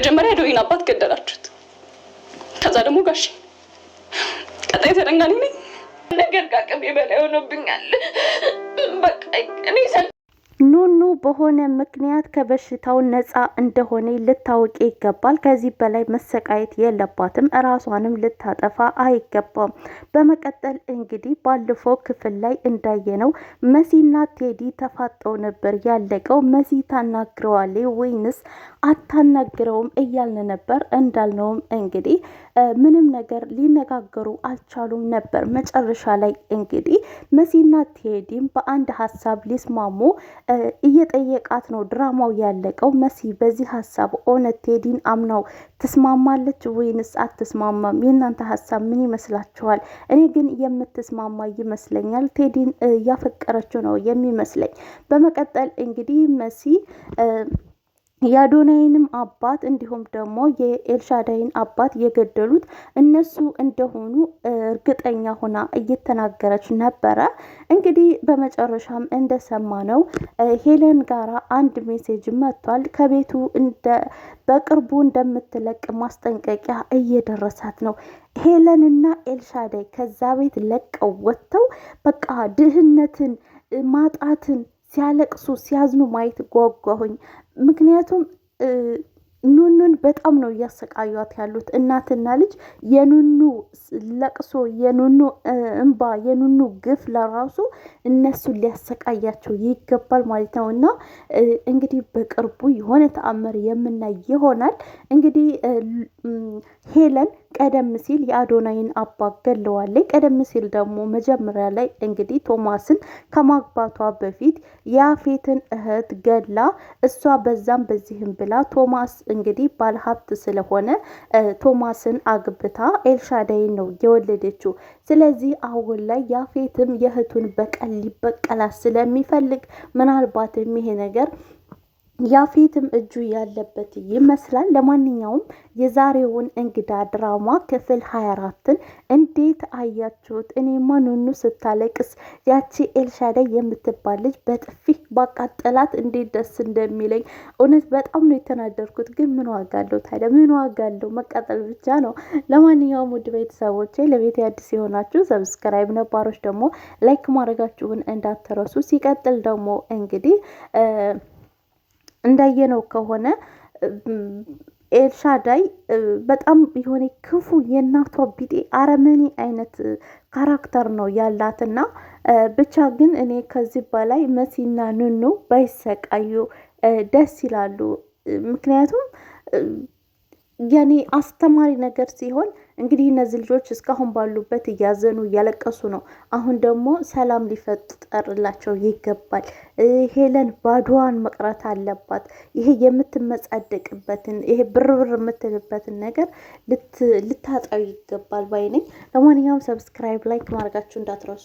መጀመሪያ ዶይን አባት ገደላችሁት፣ ከዛ ደግሞ ጋሽ ቀጣይ ተደንጋኔ ነኝ ነገር ከአቅሜ በላይ ሆኖብኛል። በቃ እኔ ኑኑ በሆነ ምክንያት ከበሽታው ነፃ እንደሆነ ልታወቅ ይገባል። ከዚህ በላይ መሰቃየት የለባትም። እራሷንም ልታጠፋ አይገባም። በመቀጠል እንግዲህ ባለፈው ክፍል ላይ እንዳየነው መሲና ቴዲ ተፋጠው ነበር ያለቀው። መሲ ታናግረዋል ወይንስ አታናግረውም እያልን ነበር። እንዳልነውም እንግዲህ ምንም ነገር ሊነጋገሩ አልቻሉም ነበር። መጨረሻ ላይ እንግዲህ መሲና ቴዲም በአንድ ሀሳብ ሊስማሙ እየጠየቃት ነው ድራማው ያለቀው። መሲ በዚህ ሀሳብ እውነት ቴዲን አምናው ትስማማለች ወይንስ አትስማማም? የእናንተ ሀሳብ ምን ይመስላችኋል? እኔ ግን የምትስማማ ይመስለኛል። ቴዲን ያፈቀረችው ነው የሚመስለኝ። በመቀጠል እንግዲህ መሲ የአዶናይንም አባት እንዲሁም ደግሞ የኤልሻዳይን አባት የገደሉት እነሱ እንደሆኑ እርግጠኛ ሆና እየተናገረች ነበረ። እንግዲህ በመጨረሻም እንደሰማነው ሄለን ጋራ አንድ ሜሴጅ መጥቷል። ከቤቱ እንደ በቅርቡ እንደምትለቅ ማስጠንቀቂያ እየደረሳት ነው። ሄለንና ኤልሻዳይ ከዛ ቤት ለቀው ወጥተው በቃ ድህነትን ማጣትን ሲያለቅሱ ሲያዝኑ ማየት ጓጓሁኝ። ምክንያቱም ኑኑን በጣም ነው እያሰቃዩት ያሉት እናትና ልጅ። የኑኑ ለቅሶ፣ የኑኑ እንባ፣ የኑኑ ግፍ ለራሱ እነሱን ሊያሰቃያቸው ይገባል ማለት ነው። እና እንግዲህ በቅርቡ የሆነ ተአምር የምናይ ይሆናል። እንግዲህ ሄለን ቀደም ሲል የአዶናይን አባት ገለዋለች። ቀደም ሲል ደግሞ መጀመሪያ ላይ እንግዲህ ቶማስን ከማግባቷ በፊት የአፌትን እህት ገላ እሷ በዛም በዚህም ብላ ቶማስ እንግዲህ ባለሀብት ስለሆነ ቶማስን አግብታ ኤልሻዳይን ነው የወለደችው። ስለዚህ አሁን ላይ የአፌትም የእህቱን በቀል ሊበቀላት ስለሚፈልግ ምናልባትም ይሄ ነገር ያፌትም እጁ ያለበት ይመስላል። ለማንኛውም የዛሬውን እንግዳ ድራማ ክፍል 24ን እንዴት አያችሁት? እኔማ ኑኑ ስታለቅስ ያቺ ኤልሻዳይ የምትባል ልጅ በጥፊ ባቃጠላት እንዴት ደስ እንደሚለኝ እውነት በጣም ነው የተናደርኩት። ግን ምን ዋጋ አለው ታዲያ? ምን ዋጋ አለው? መቃጠል ብቻ ነው። ለማንኛውም ውድ ቤተሰቦቼ ለቤት አዲስ የሆናችሁ ሰብስክራይብ፣ ነባሮች ደግሞ ላይክ ማድረጋችሁን እንዳትረሱ። ሲቀጥል ደግሞ እንግዲህ እንዳየነው ከሆነ ኤልሻዳይ በጣም የሆነ ክፉ የእናቷ ቢጤ አረመኔ አይነት ካራክተር ነው ያላትና ብቻ ግን እኔ ከዚህ በላይ መሲና ንኑ ባይሰቃዩ ደስ ይላሉ። ምክንያቱም ያኔ አስተማሪ ነገር ሲሆን እንግዲህ እነዚህ ልጆች እስካሁን ባሉበት እያዘኑ እያለቀሱ ነው። አሁን ደግሞ ሰላም ሊፈጠርላቸው ይገባል። ሄለን ባዶዋን መቅረት አለባት። ይሄ የምትመጻደቅበትን ይሄ ብርብር የምትልበትን ነገር ልታጠው ይገባል ባይ ነኝ። ለማንኛውም ሰብስክራይብ፣ ላይክ ማድረጋችሁ እንዳትረሱ።